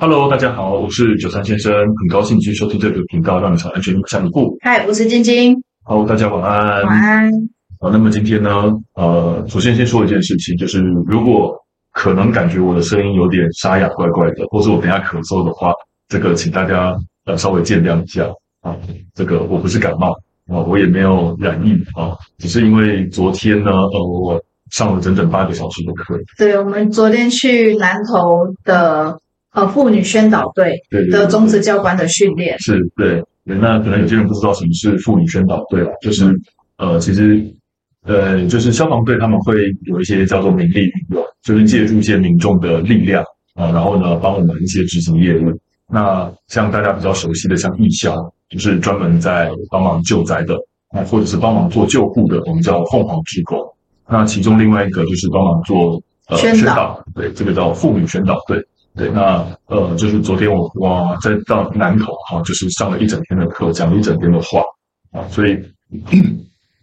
Hello，大家好，我是九三先生，很高興你去收聽這個頻道，讓你從安全一步。嗨，我是晶晶。哈嘍，大家晚安。晚安。好，啊，那麼今天呢，呃，首先先說一件事情，就是如果可能感覺我的聲音有點沙啞、怪怪的，或者我等一下咳嗽的話，這個請大家呃稍微見諒一下啊。這個我不是感冒啊，我也沒有染疫啊，只是因為昨天呢，呃、哦，我上了整整八個小時的課。對，我們昨天去南投的。呃，婦女宣導隊的種子教官的訓練是，對，那可能有些人不知道什麼是婦女宣導隊了，就是、嗯、呃，其實呃，就是消防隊他們會有一些叫做民力運用，就是借助一些民眾的力量啊、呃，然後呢，幫我們一些執行業務。嗯、那像大家比較熟悉的，像義消，就是專門在幫忙救災的、呃，或者是幫忙做救護的，我、嗯、們叫鳳凰志工。那其中另外一個就是幫忙做、呃、宣導，宣導，對，這個叫婦女宣導隊。對，那呃，就是昨天我哇，在到南投，哈、啊，就是上了一整天的課，講了一整天的話啊，所以、嗯、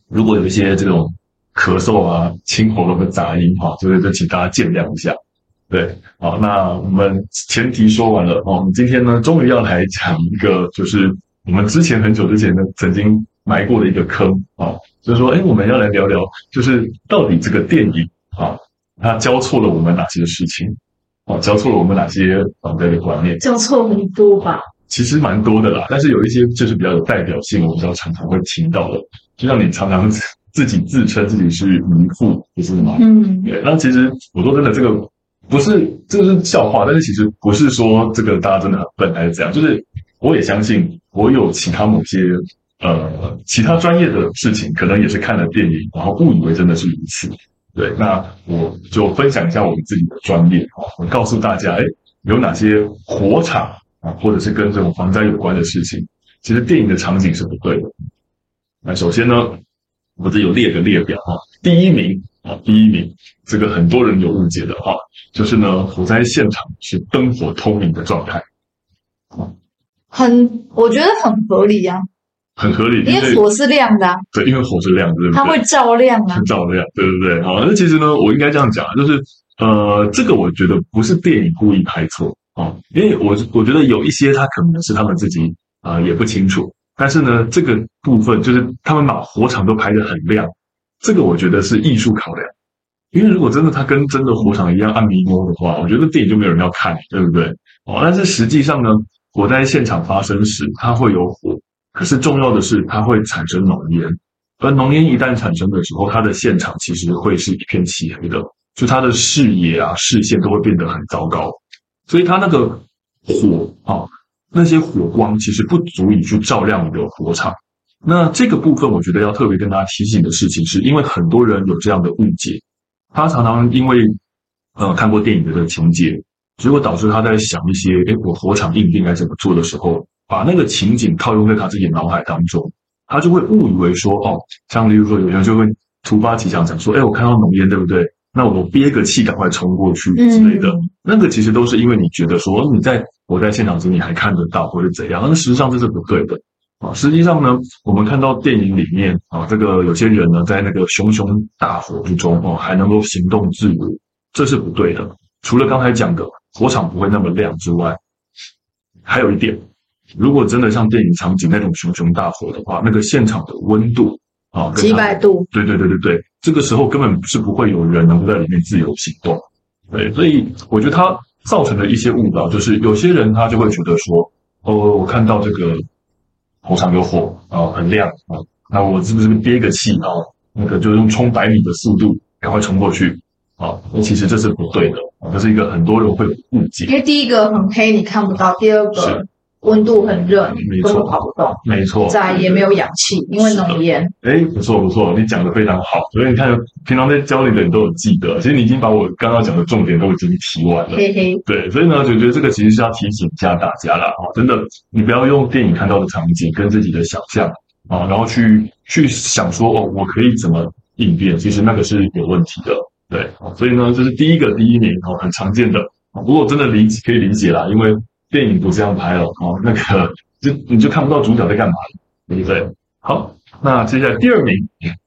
如果有一些這種咳嗽啊、清喉嚨的雜音哈、啊，就是就請大家見諒一下。對，好、啊，那我們前提說完了，啊、我們今天呢，終於要來講一個，就是我們之前很久之前呢曾經埋過的一個坑啊，就是說，哎，我們要來聊聊，就是到底這個電影啊，它教錯了我們哪些事情？哦，教錯了我們哪些當代的觀念？教錯很多吧、嗯。其實蠻多的啦，但是有一些就是比較有代表性，我們比較常常會聽到的。就像你常常自己自稱自己是民婦，不是嗎？嗯。那其實我說真的，這個不是這個是笑話，但是其實不是說這個大家真的很笨還是怎樣。就是我也相信，我有其他某些呃其他專業的事情，可能也是看了電影，然後誤以為真的是如此。對，那我就分享一下我們自己的專業啊，我告訴大家，誒，有哪些火場啊，或者是跟這種防災有關的事情，其實電影的場景是不對的。那首先呢，我這有列個列表啊，第一名啊，第一名，這個很多人有誤解的啊，就是呢，火災現場是燈火通明的狀態。很，我覺得很合理啊。很合理，因為火是亮的，啊。對，因為火是亮，對不對？它會照亮啊，很照亮，對不對？好，哦，那其實呢，我應該這樣講，就是呃，這個我覺得不是電影故意拍錯啊，哦，因為我我覺得有一些它可能是他們自己啊，呃、也不清楚，但是呢，這個部分就是他們把火場都拍得很亮，這個我覺得是藝術考量，因為如果真的它跟真的火場一樣暗，啊、迷蒙的話，我覺得電影就沒有人要看，對不對？哦，但是實際上呢，火災現場發生時，它會有火。可是重要的是，它會產生濃煙，而濃煙一旦產生的時候，它的現場其實會是一片漆黑的，就他的視野啊、視線都會變得很糟糕，所以它那個火啊，那些火光其實不足以去照亮你的火場。那這個部分，我覺得要特別跟大家提醒的事情，是因為很多人有這樣的誤解，他常常因為呃看過電影的情節，結果導致他在想一些，哎、欸，我火場應變該怎麼做的時候。把那個情景套用在他自己腦海當中，他就會誤以為說哦，像例如說有些人就會突發奇想講說，哎，我看到濃煙，對不對？那我憋個氣，趕快衝過去之類的。嗯、那個其實都是因為你覺得說你在我在現場時你還看得到或者怎樣，那實際上這是不對的啊、哦。實際上呢，我們看到電影裡面啊、哦，這個有些人呢在那個熊熊大火之中哦，還能夠行動自如，這是不對的。除了剛才講的火場不會那麼亮之外，還有一點。如果真的像電影場景那種熊熊大火的話，那個現場的溫度啊，幾百度、啊，對對對對對，這個時候根本是不會有人能夠在裡面自由行動，對，所以我覺得它造成的一些誤導就是，有些人他就會覺得說，哦，我看到這個火場有火啊，很亮啊，那我是不是憋個氣啊，那個就用衝百米的速度趕快衝過去啊？其實這是不對的，這是一個很多人會有誤解，因為第一個很黑，你看不到，第二個。溫度很熱，根本、嗯、跑不動。沒錯，再也沒有氧氣，對因為濃煙。哎，不錯不錯，你講的非常好。所以你看，平常在教你的，人都有記得。其實你已經把我剛剛講的重點都已經提完了。嘿嘿，對，所以呢，就覺得這個其實是要提醒一下大家了啊！真的，你不要用電影看到的場景跟自己的想象啊，然後去去想說哦，我可以怎麼應變？其實那個是有問題的。對，啊、所以呢，這、就是第一個第一名哦、啊，很常見的。不、啊、過真的理可以理解啦，因為。電影不這樣拍了，哦，那個就你就看不到主角在幹嘛，對不對？好，那接下來第二名，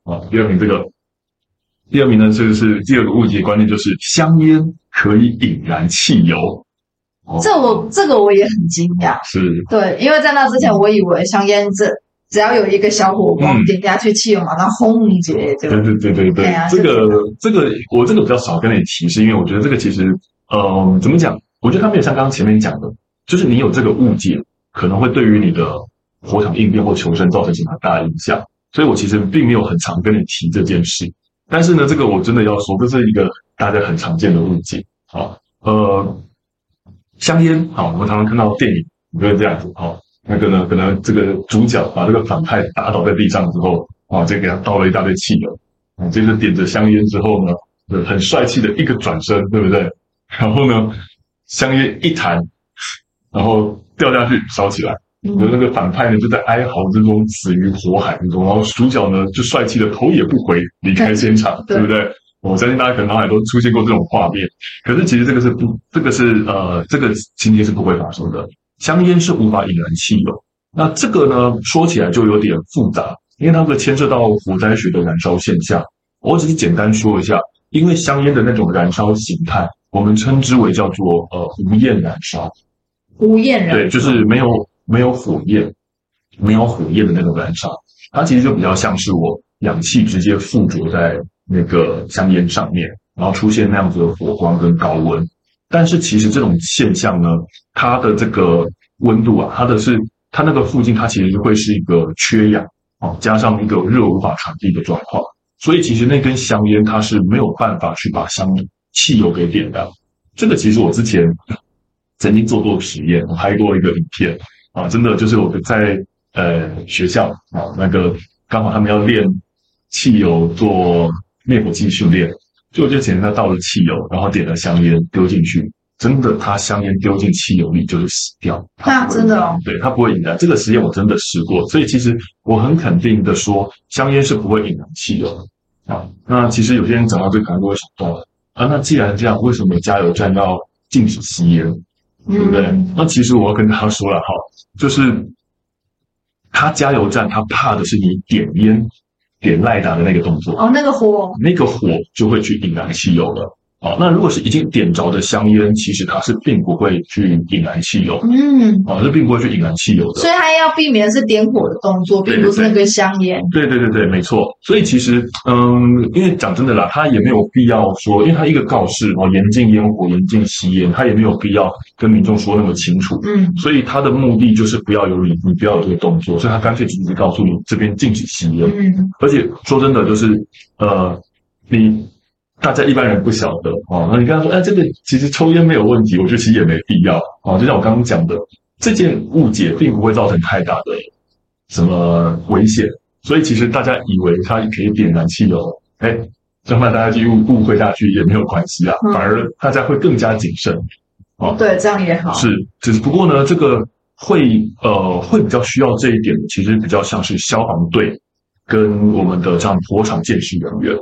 啊、哦，第二名這個，第二名呢就是第二個誤解觀念，就是香菸可以引燃汽油。哦、這我這個我也很驚訝，是，對，因為在那之前，我以為香菸這只要有一個小火光點下去汽油，馬上、嗯、轟一下就，對對對對對。對啊、這個這個我這個比較少跟你提，是因為我覺得這個其實，呃，怎麼講？我覺得它沒有像剛剛前面講的。就是你有這個誤解，可能會對於你的火場應變或求生造成很大的影響。所以我其實並沒有很常跟你提這件事，但是呢，這個我真的要說，這、就是一個大家很常見的誤解。好、啊，呃，香菸，好、啊，我們常常看到電影會、就是、這樣子，好、啊，那個呢，可能這個主角把這個反派打倒在地上之後，啊，就給他倒了一大堆汽油，接著點着香菸之後呢，很帥氣的一個轉身，對不對？然後呢，香菸一彈。然後掉下去燒起來，你的那個反派呢，就在哀嚎之中死於火海之中，嗯、然後主角呢，就帥氣的頭也不回離開現場， 對，對不對？我相信大家可能腦海都出現過這種畫面。可是其實這個是不，這個是呃，這個情節是不會發生的。香煙是無法引燃汽油，那這個呢，說起來就有點複雜，因為它會牽涉到火災學的燃燒現象。我只是簡單說一下，因為香煙的那種燃燒形態，我們稱之為叫做呃無焰燃燒。無焰燃。對，就是沒有沒有火焰，沒有火焰的那種燃燒，它其實就比較像是我氧氣直接附着在那個香煙上面，然後出現那樣子的火光跟高溫。但是其實這種現象呢，它的這個溫度啊，它的是它那個附近，它其實就會是一個缺氧哦，加上一個熱無法傳遞的狀況，所以其實那根香煙它是沒有辦法去把香、汽油給點燃。這個其實我之前，曾經做過實驗，我拍過一個影片啊，真的就是我在呃學校啊，嗯、那個剛好他們要練汽油做滅火器訓練，就我就簡單倒了汽油，然後點了香菸丟進去，真的，他香菸丟進汽油裡就會死掉。對、嗯、啊，真的哦，對他不會引燃。這個實驗我真的試過，所以其實我很肯定的說，香菸是不會引燃汽油的啊。那其實有些人講到這可能會想到啊，那既然這樣，為什麼加油站要禁止吸菸？對不對？嗯、那其實我要跟他說了哈，就是他加油站他怕的是你點菸、點賴打的那個動作哦，那個火哦，那個火就會去引燃汽油了。哦，那如果是已經點着的香煙，其實它是並不會去引燃汽油。嗯，哦，是並不會去引燃汽油的。所以它要避免的是點火的動作，並不是那個香煙。對對對，對對對，沒錯。所以其實，嗯，因為講真的啦，他也沒有必要說，因為他一個告示哦，嚴禁煙火，嚴禁吸煙，他也沒有必要跟民眾說那麼清楚。嗯，所以他的目的就是不要有你，你不要有這個動作，所以他乾脆直接告訴你這邊禁止吸煙。嗯，而且說真的，就是呃，你。大家一般人不曉得啊，那你跟他說，哎，這個其實抽煙沒有問題，我覺得其實也沒必要啊。就像我剛剛講的，這件誤解並不會造成太大的什麼危險，所以其實大家以為它可以點燃汽油、哦，哎，這樣大家就誤會下去也沒有關係啦、啊，嗯、反而大家會更加謹慎啊。對，這樣也好。是，只不過呢，這個會呃會比較需要這一點，其實比較像是消防隊跟我們的像火場鑑識人員。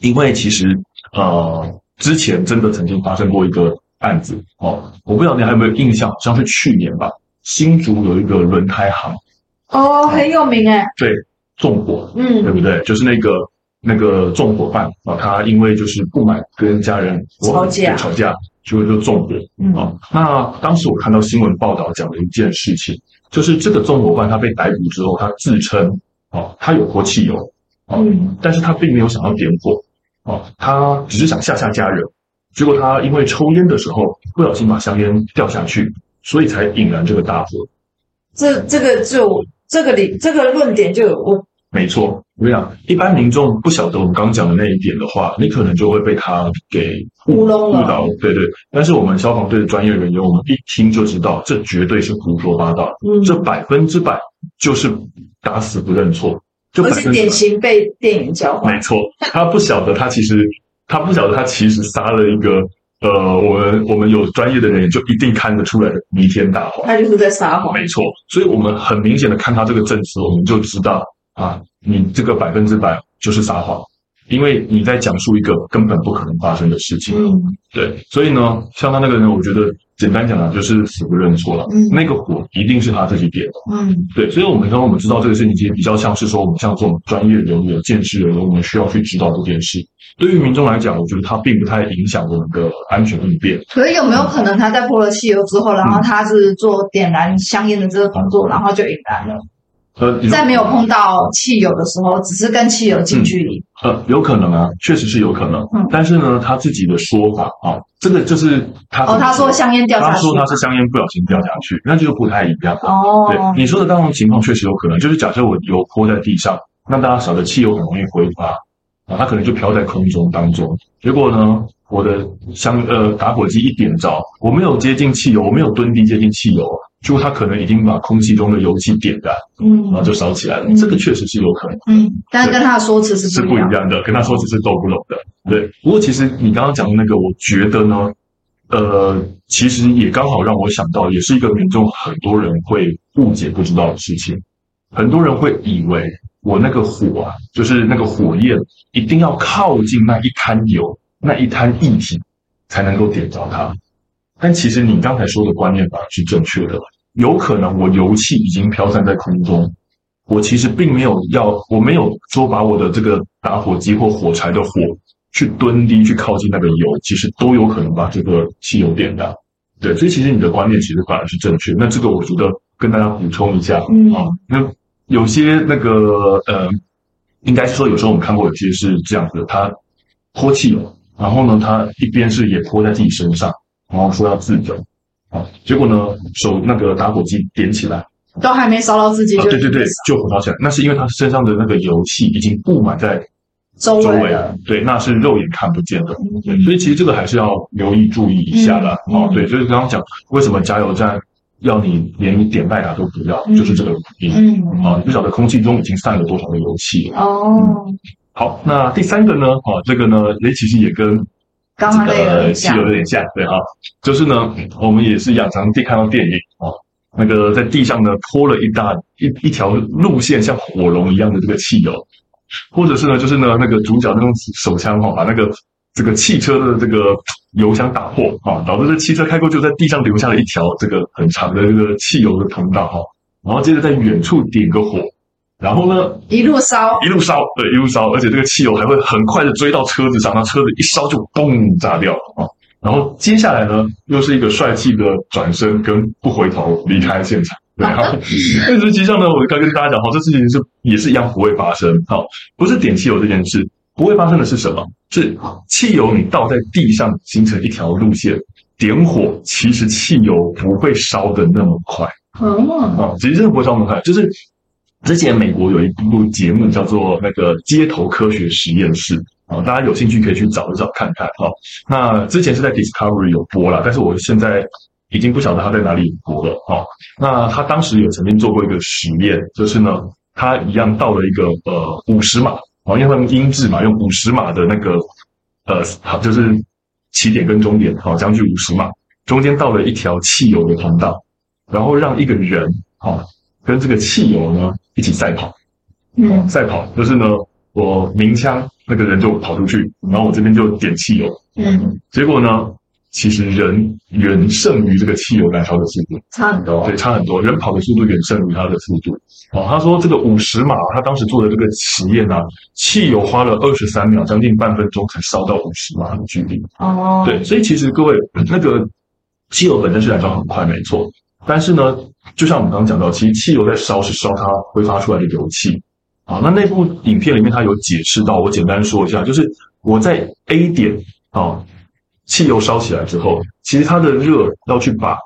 因為其實，呃，之前真的曾經發生過一個案子，哦，我不知道你還有沒有印象，像是去年吧，新竹有一個輪胎行，哦，很有名哎、嗯，對，縱火，嗯，對不對？就是那個那個縱火犯啊，他因為就是不滿跟家人吵架，吵架，最後就縱火，哦、嗯嗯啊，那當時我看到新聞報道講了一件事情，就是這個縱火犯他被逮捕之後，他自稱，哦、啊，他有潑汽油，啊嗯、但是他並沒有想要點火。哦，他只是想嚇嚇家人，結果他因為抽煙的時候，不小心把香菸掉下去，所以才引燃這個大火。這這個就這個理這個論點就有誤，沒錯。對呀，一般民眾不曉得我們剛講的那一點的話，你可能就會被他給誤導。誤導對對。但是我們消防隊的專業人員，我們一聽就知道，這絕對是胡說八道。嗯，這百分之百就是打死不認錯。不是典型被電影教壞，沒錯，他不曉得他其實，他不曉得他其實撒了一個，呃，我們我們有專業的人員就一定看得出來的彌天大謊，他就是在撒謊，沒錯，所以我們很明顯的看他這個證詞，嗯、我們就知道啊，你這個百分之百就是撒謊，因為你在講述一個根本不可能發生的事情，嗯、對，所以呢，像他那個人，我覺得。簡單講呢，就是死不認錯了。嗯，那個火一定是他自己點的。嗯，對，所以我們剛剛我們知道這個事情，其實比較像是說，我們像這種專業人員、鑑識人員，我們需要去知道這件事。對於民眾來講，我覺得它並不太影響我們的安全應變。所以有沒有可能他在潑了汽油之後，嗯、然後他是做點燃香菸的這個工作，嗯、然後就引燃了？呃，在沒有碰到汽油的時候，嗯、只是跟汽油近距離、嗯。呃，有可能啊，確實是有可能。嗯，但是呢，他自己的說法啊，這個就是他哦，他說香菸掉下去。他說他是香菸不小心掉下去，那就不太一樣、啊。哦，對，你說的那種情況確實有可能。就是假設我油潑在地上，那大家曉得汽油很容易揮發啊，它可能就飄在空中當中。結果呢，我的香呃打火機一點着，我沒有接近汽油，我沒有蹲低接近汽油啊。就他可能已經把空氣中的油氣點燃，嗯、然後就燒起來了。嗯、這個確實是有可能，嗯，對但是跟他說辭是是不一樣的，對樣的，跟他說辭是斗不攏的。對，嗯、不過其實你剛剛講的那個，我覺得呢，呃，其實也剛好讓我想到，也是一個民眾很多人會誤解不知道的事情。很多人會以為我那個火啊，就是那個火焰一定要靠近那一灘油、那一灘液體才能夠點着它，但其實你剛才說的觀念吧是正確的。有可能我油氣已經飄散在空中，我其實並沒有要，我沒有說把我的這個打火機或火柴的火去蹲低去靠近那個油，其實都有可能把這個汽油點燃。對，所以其實你的觀念其實反而是正確。那這個我覺得跟大家補充一下，嗯、啊，那有些那個呃，應該是說有時候我們看過的其實是這樣子的，他潑汽油，然後呢，他一邊是也潑在自己身上，然後說要自焚。哦、結果呢，手那個打火機點起來，都還沒燒到自己、啊，對對對，就火燒起來。那是因為他身上的那個油氣已經布滿在周圍啊，周圍對，那是肉眼看不見的，嗯、所以其實這個還是要留意注意一下了。好、嗯哦，對，所以剛剛講為什麼加油站要你連一點賴打都不要，嗯、就是這個原因。嗯，啊、嗯嗯，你不曉得空氣中已經散了多少的油氣。哦、嗯，好，那第三個呢？好、哦，這個呢也其實也跟。剛剛的汽油有點像，對哈、啊，就是呢，我們也是一樣，常常看到電影啊、哦，那個在地上呢潑了一大一一條路線，像火龍一樣的這個汽油，或者是呢，就是呢，那個主角那種手槍哈、哦，把那個這個汽車的這個油箱打破哈、哦，導致這汽車開過就在地上留下了一條這個很長的這個汽油的通道哈、哦，然後接着在遠處點個火。然後呢，一路燒，一路燒，對，一路燒，而且這個汽油還會很快的追到車子上，那車子一燒就嘣炸掉啊！然後接下來呢，又是一個帥氣的轉身跟不回頭離開現場。對啊，那、啊、實際上呢，我剛跟大家講，好，這事情是也是一樣不會發生。好、啊，不是點汽油這件事不會發生的是什麼？是汽油你倒在地上形成一條路線，點火其實汽油不會燒的那麼快。哦，啊，其實真的不會燒那麼快，就是。之前美國有一部節目叫做《那個街頭科學實驗室》哦，啊，大家有興趣可以去找一找看看。哈、哦，那之前是在 Discovery 有播了，但是我現在已經不曉得他在哪裡播了。哈、哦，那他當時也曾經做過一個實驗，就是呢，他一樣到了一個呃五十碼，因、哦、為他們音質嘛，用五十碼的那個呃，就是起點跟終點，好、哦，將近五十碼，中間到了一條汽油的通道，然後讓一個人，哈、哦。跟這個汽油呢，汽一起賽跑，嗯，賽跑就是呢，我鳴槍，那個人就跑出去，然後我這邊就點汽油，嗯，嗯，結果呢，其實人遠勝於這個汽油燃燒的速度，差很多，對，差很多，嗯、人跑的速度遠勝於它的速度。哦，他說，這個五十碼，他當時做的這個實驗呢、啊，汽油花了二十三秒，將近半分鐘才燒到五十碼的距離。哦，對，所以其實各位，那個汽油本身是燃燒很快沒，沒錯。但是呢，就像我們剛剛講到，其實汽油在燒是燒它揮發出來的油氣，啊，那那部影片裡面它有解釋到，我簡單說一下，就是我在 A 點啊、哦，汽油燒起來之後，其實它的熱要去把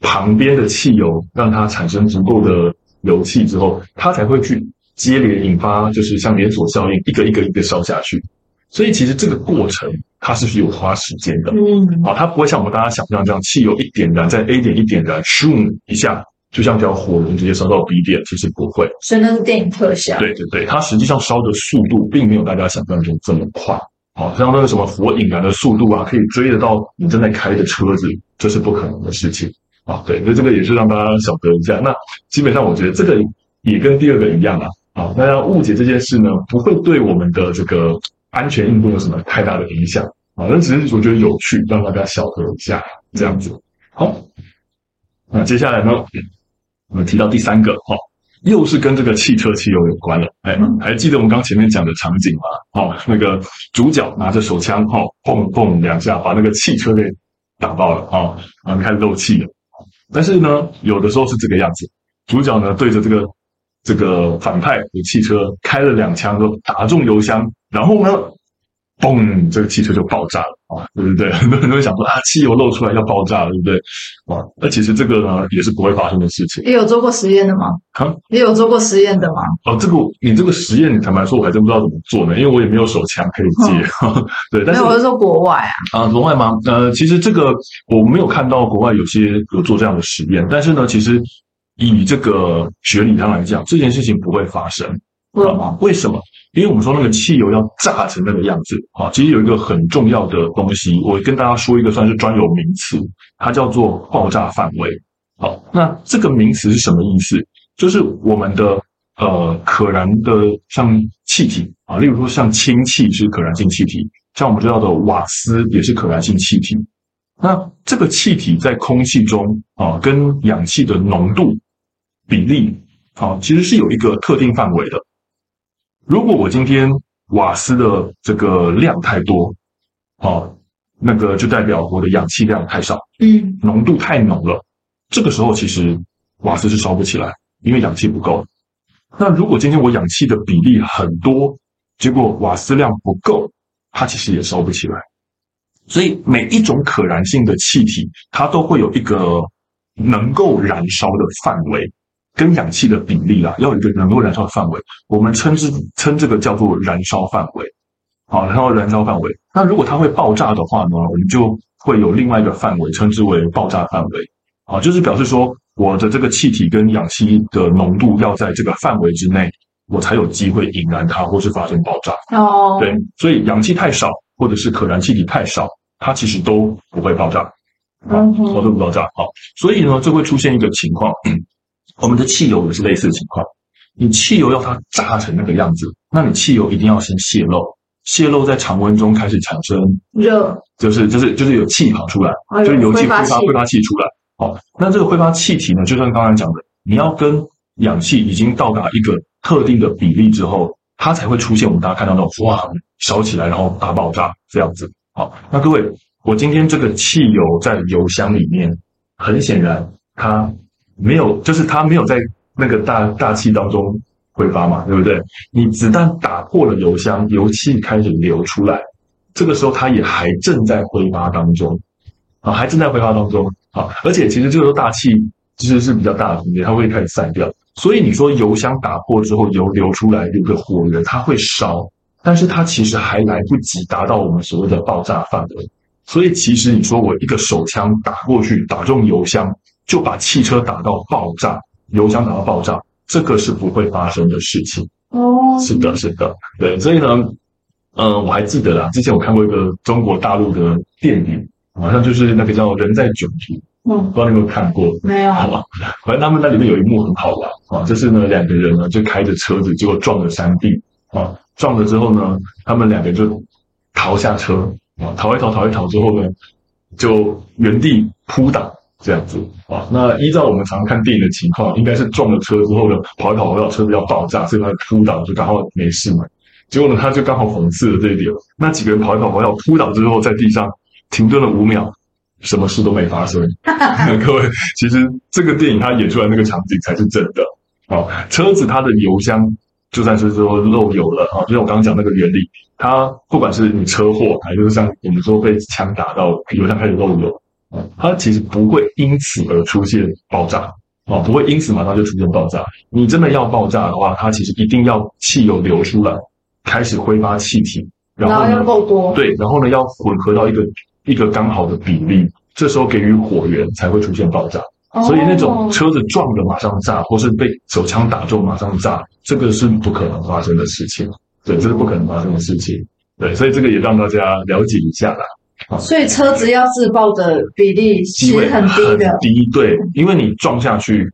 旁邊的汽油讓它產生足夠的油氣之後，它才會去接連引發，就是像連鎖效應，一個一個一個燒下去。所以其實這個過程。它是有花時間的，嗯，好，它不會像我們大家想象這樣，汽油一點燃，在 A 點一點，點燃，咻、嗯、一下，就像條火龍直接燒到 B 點，其、就、實、是、不會，所以那是電影特效。對對對，它實際上燒的速度並沒有大家想象中這麼快，好、哦，像那個什麼火引燃的速度啊，可以追得到你正在開的車子，嗯、這是不可能的事情啊、哦。對，那這個也是讓大家曉得一下。那基本上，我覺得這個也跟第二個一樣啊，啊、哦，大家誤解這件事呢，不會對我們的這個。安全硬度有什麼太大的影響啊？那只是我覺得有趣，讓大家小頭一下這樣子。好，那接下來呢？我們提到第三個哈、哦，又是跟這個汽車汽油有關了。哎、欸，還記得我們剛前面講的場景嗎？哦，那個主角拿着手槍哈，砰砰兩下，把那個汽車給打爆了啊、哦，然後開始漏氣了。但是呢，有的時候是這個樣子，主角呢對着這個這個反派的汽車開了兩槍，之後，打中油箱。然後呢，嘣！這個汽車就爆炸了啊！對不對，很多人都會想說啊，汽油漏出來要爆炸了，對不對？啊，那其實這個呢，也是不會發生的事情。你有做過實驗的嗎？啊，你有做過實驗的嗎？哦，這個你這個實驗，你坦白說，我還真不知道怎麼做呢，因為我也沒有手槍可以借。哦、 對，但是我是說國外啊。啊，國外嗎？呃，其實這個我沒有看到國外有些有做這樣的實驗，但是呢，其實以這個學理上來講，這件事情不會發生。為什麼？為什麼？因為我們說那個汽油要炸成那個樣子啊！其實有一個很重要的東西，我跟大家說一個算是專有名詞，它叫做爆炸範圍。好，啊，那這個名詞是什麼意思？就是我們的呃可燃的像氣體啊，例如說像氫氣是可燃性氣體，像我們知道的瓦斯也是可燃性氣體。那這個氣體在空氣中啊，跟氧氣的濃度比例啊，其實是有一個特定範圍的。如果我今天瓦斯的這個量太多，啊，那個就代表我的氧氣量太少，嗯，濃度太濃了。這個時候其實瓦斯是燒不起來，因為氧氣不夠。那如果今天我氧氣的比例很多，結果瓦斯量不夠，它其實也燒不起來。所以每一種可燃性的氣體，它都會有一個能夠燃燒的範圍。跟氧氣的比例啦、啊，要有一個能夠燃燒的範圍，我們稱之稱這個叫做燃燒範圍，好，然後燃燒範圍。那如果它會爆炸的話呢，我們就會有另外一個範圍，稱之為爆炸範圍，啊，就是表示說我的這個氣體跟氧氣的濃度要在這個範圍之內，我才有機會引燃它或是發生爆炸。哦，oh. 對，所以氧氣太少或者是可燃氣體太少，它其實都不會爆炸，啊，mm hmm. 哦、都不爆炸。好，所以呢，就會出現一個情況。 我們的汽油也是類似的情況，你汽油要它炸成那個樣子，那你汽油一定要先洩漏，洩漏在常溫中開始產生熱，就是就是就是有氣跑出來，就是油氣揮發揮發氣出來，好，那這個揮發氣體呢，就像剛才講的，你要跟氧氣已經到達一個特定的比例之後，它才會出現我們大家看到那種哇，燒起來然後大爆炸這樣子，好，那各位，我今天這個汽油在油箱裡面，很顯然它。沒有，就是它沒有在那個大大氣當中揮發嘛，對不對？你子彈打破了油箱，油氣開始流出來，這個時候它也還正在揮發當中啊，還正在揮發當中啊，而且其實這個時候大氣其實是比較大的空間，它會開始散掉，所以你說油箱打破之後油流出來這個火源，它會燒，但是它其實還來不及達到我們所謂的爆炸範圍，所以其實你說我一個手槍打過去打中油箱，就把汽車打到爆炸，油箱打到爆炸，這個是不會發生的事情。哦，oh. 是的，是的，對，所以呢，嗯、呃，我還記得啦，之前我看過一個中國大陸的電影，好、啊、像就是那個叫《人在囧途》。嗯，不知道你有沒有看過？沒有。好吧、啊，反正他們那裡面有一幕很好玩。啊，就是呢，兩個人呢就開着車子，結果撞了山壁啊，撞了之後呢，他們兩個就逃下車啊，逃一逃，逃一逃之後呢，就原地撲倒。這樣子啊，那依照我們常看電影的情況，應該是撞了車之後呢，跑一跑，跑一跑，車子要爆炸，所以他撲倒就剛好沒事嘛。結果呢，他就剛好諷刺了這一點。那幾個人跑一跑，跑到，跑一撲倒之後在地上停頓了五秒，什麼事都沒發生。 各位，其實這個電影它演出來那個場景才是真的啊。車子它的油箱就算是說漏油了啊，就像我剛剛講那個原理，它不管是你車禍，還是像我們說被槍打到，油箱開始漏油。它其實不會因此而出現爆炸，啊，不會因此馬上就出現爆炸。你真的要爆炸的話，它其實一定要汽油流出來，開始揮發氣體，然後呢，然後要夠多，對，然後呢要混合到一個一個剛好的比例，這時候給予火源才會出現爆炸。所以那種車子撞的馬上炸，或是被手槍打中馬上炸，這個是不可能發生的事情。對，這、就是不可能發生的事情。對，所以這個也讓大家了解一下啦。所以車子要自爆的比例其實很低的。啊，對，很低，對，因為你撞下去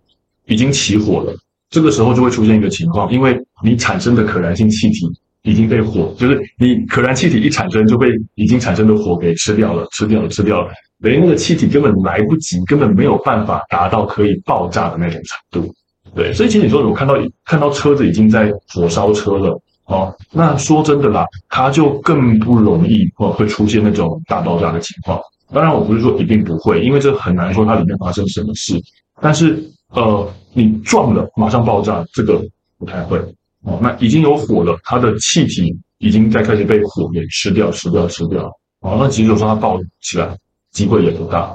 已經起火了，這個時候就會出現一個情況，因為你產生的可燃性氣體已經被火，就是你可燃氣體一產生就被已經產生的火給吃掉了，吃掉了，吃掉了，等於那個氣體根本來不及，根本沒有辦法達到可以爆炸的那種程度，對，所以其實你說我看到看到車子已經在火燒車了。哦，那說真的啦，它就更不容易或，哦、會出現那種大爆炸的情況。當然，我不是說一定不會，因為這很難說它裡面發生什麼事。但是，呃，你撞了馬上爆炸，這個不太會。哦、那已經有火了，它的氣體已經在開始被火給吃掉、吃掉、吃掉。哦，那其實就算它爆起來，機會也不大。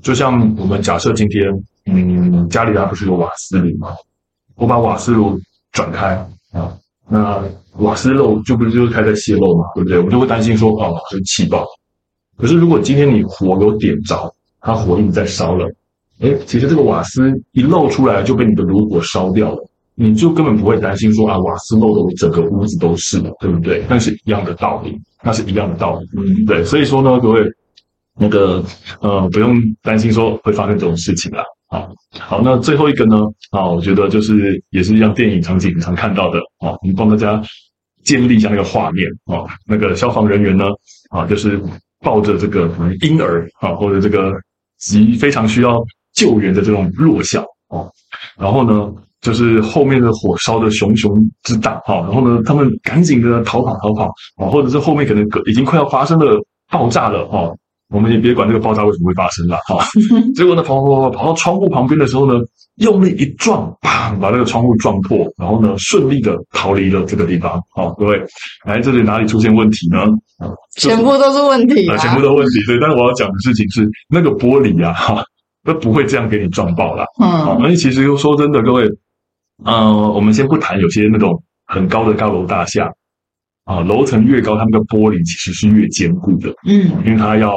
就像我們假設今天，嗯，家裡啊不是有瓦斯爐嗎？我把瓦斯爐轉開啊。哦那瓦斯漏就不是就是它在洩漏嘛，對不對？我就會擔心說啊，這個氣爆。可是如果今天你火給我點着，它火一直在燒了，哎，其實這個瓦斯一漏出來就被你的爐火燒掉了，你就根本不會擔心說啊，瓦斯漏的我整個屋子都是了，對不對？那是一樣的道理，那是一樣的道理，嗯，對。所以說呢，各位那個呃，不用擔心說會發生這種事情了。好，好，那最後一個呢？啊，我覺得就是也是像電影場景常看到的啊，我們幫大家建立一下那個畫面啊，那個消防人員呢啊，就是抱着這個嬰兒啊，或者這個極非常需要救援的這種弱小啊，然後呢，就是後面的火燒的熊熊之大啊，然後呢，他們趕緊的逃跑逃跑啊，或者是後面可能已經快要發生了爆炸了哦。啊我們也別管這個爆炸為什麼會發生了，哈、哦。結果呢，跑跑跑，跑跑跑到窗戶旁邊的時候呢，用力一撞，砰，把那個窗戶撞破，然後呢，順利的逃離了這個地方。好、哦，各位，來這裡哪裡出現問題呢？就是、全部都是問題、啊啊、全部都是問題。所以，但是我要講的事情是，那個玻璃呀，哈，都不會這樣給你撞爆了。嗯。好、啊，而且其實又說真的，各位，嗯、呃，我們先不談有些那種很高的高樓大廈。啊，樓層越高，它那個玻璃其實是越堅固的，嗯，因為它要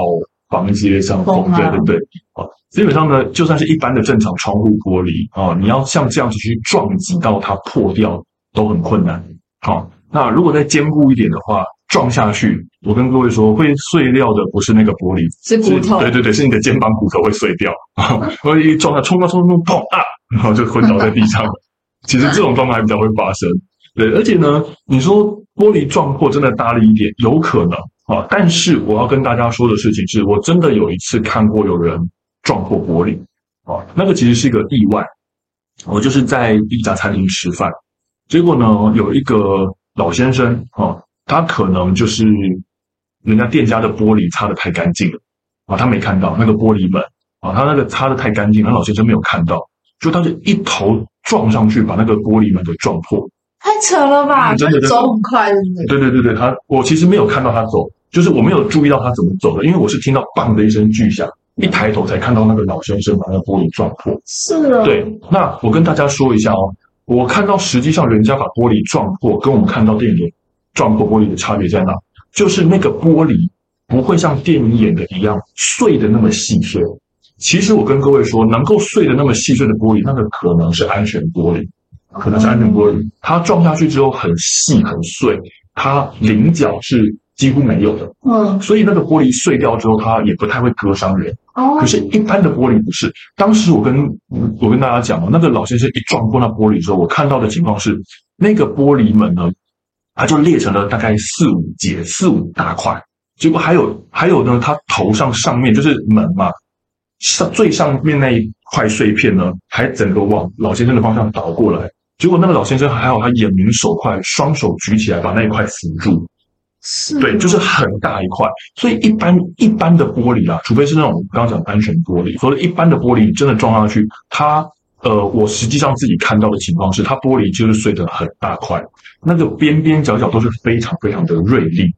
防一些像風，它對對對，啊、基本上呢，就算是一般的正常窗戶玻璃，啊，你要像這樣子去撞擊到它破掉，嗯、都很困難。好、啊，那如果再堅固一點的話，撞下去，我跟各位說，會碎掉的不是那個玻璃，是骨頭，對對對，是你的肩膀骨頭會碎掉，會、啊、 一撞它，衝啊衝衝衝，砰啊，然後就昏倒在地上。 其實這種狀況還比較會發生，對，而且呢，你說。玻璃撞破，真的大了一點，有可能啊。但是我要跟大家說的事情是，我真的有一次看過有人撞破玻璃啊。那個其實是一個意外，我、啊、就是在一家餐廳吃飯，結果呢，有一個老先生啊，他可能就是人家店家的玻璃擦得太乾淨了啊，他沒看到那個玻璃門啊，他那個擦得太乾淨，那、啊、老先生沒有看到，就他就一頭撞上去，把那個玻璃門給撞破。太扯了吧！嗯、真的走很快是不是？對對對對，他我其實沒有看到他走，就是我沒有注意到他怎麼走的，因為我是聽到“砰”的一聲巨響，一抬頭才看到那個老先生，生把那個玻璃撞破。是啊、哦。對，那我跟大家說一下哦，我看到實際上人家把玻璃撞破，跟我們看到電影撞破玻璃的差別在哪？就是那個玻璃不會像電影演的一樣碎的那麼細碎。其實我跟各位說，能夠碎的那麼細碎的玻璃，那個可能是安全玻璃。可能是安全玻璃，它撞下去之後很細很碎，它稜角是幾乎沒有的。嗯，所以那個玻璃碎掉之後，它也不太會割傷人。哦，可是一般的玻璃不是。當時我跟我跟大家講，那個老先生一撞破那玻璃之後，我看到的情況是，那個玻璃門呢，它就裂成了大概四五節，四五大塊。結果還有還有呢，他頭上上面就是門嘛，上最上面那一塊碎片呢，還整個往老先生的方向倒過來。結果那個老先生還好，他眼明手快，雙手舉起來把那一塊扶住。是嗎，對，就是很大一塊。所以一般一般的玻璃啦，除非是那種剛剛講的安全玻璃，所以一般的玻璃真的撞上去，它呃，我實際上自己看到的情況是，它玻璃就是碎得很大塊，那個邊邊角角都是非常非常的銳利。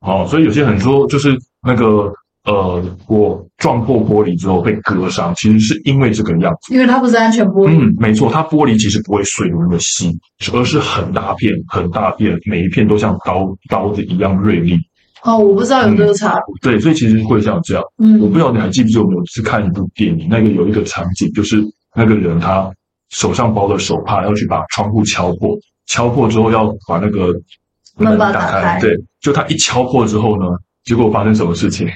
哦，所以有些人說就是那個。呃，我撞破玻璃之後被割傷，其實是因為這個樣子，因為它不是安全玻璃。嗯，沒錯，它玻璃其實不會碎那麼細，而是很大片、很大片，每一片都像刀刀子一樣銳利。哦，我不知道有沒有這個差別。嗯。對，所以其實會像這樣。嗯，我不知道你還記不記得，我有一次看一部電影，那個有一個場景，就是那個人他手上包着手帕，要去把窗戶敲破，敲破之後要把那個門打開。慢慢打開對，就他一敲破之後呢，結果發生什麼事情？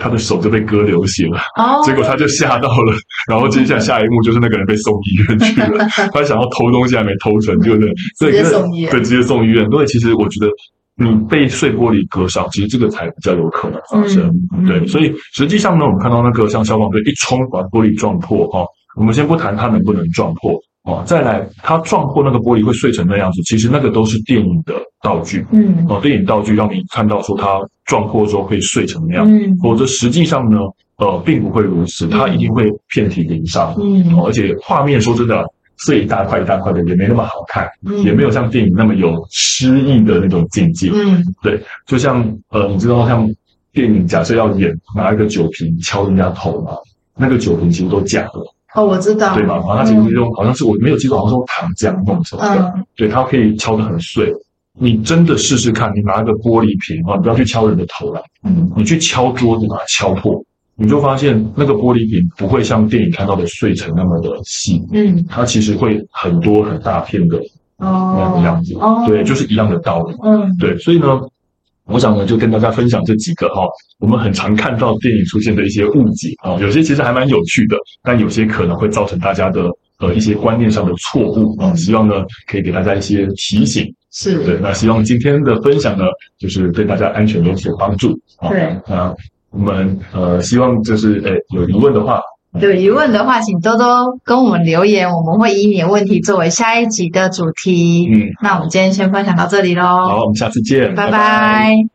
他的手就被割流血了，oh? 結果他就嚇到了，然後接下來下一幕就是那個人被送醫院去了。 他想要偷東西還沒偷成，就是對， 對那，對，直接送醫院。因為其實我覺得，你被碎玻璃割傷，其實這個才比較有可能發生。嗯、對，所以實際上呢，嗯、我們看到那個像消防隊一衝把玻璃撞破，哈、哦，我們先不談他能不能撞破。再來，它撞破那個玻璃會碎成那樣子，其實那個都是電影的道具。嗯，哦、呃，電影道具讓你看到說它撞破之後會碎成那樣，嗯、否則實際上呢，呃，並不會如此，它一定會遍體鱗傷。嗯，哦，而且畫面，說真的，碎一大塊一大塊的，也沒那麼好看，嗯、也沒有像電影那麼有詩意的那種境界。嗯，對，就像呃，你知道，像電影假設要演拿一個酒瓶敲人家頭嘛，那個酒瓶其實都假的。嗯哦，我知道，對吧？然後他其實就好像是我沒有記錯，好像說用糖漿弄什麼的。對他可以敲得很碎。你真的試試看，你拿一個玻璃瓶啊，你不要去敲人的頭了，嗯，你去敲桌子把它敲破，你就發現那個玻璃瓶不會像電影看到的碎成那麼的細，嗯，它其實會很多很大片的那樣的樣子。對，就是一樣的道理，嗯，對，所以呢。我想呢，就跟大家分享這幾個哈、哦，我們很常看到電影出現的一些誤解啊、哦，有些其實還蠻有趣的，但有些可能會造成大家的呃一些觀念上的錯誤啊、哦。希望呢，可以給大家一些提醒。是對，那希望今天的分享呢，就是對大家安全有所幫助。哦、對啊，那我們呃希望就是哎有疑問的話。有疑問的話，請多多跟我們留言，我們會以你的問題作為下一集的主題。嗯，那我們今天先分享到這裡嘍。好，我們下次見，拜拜。拜拜。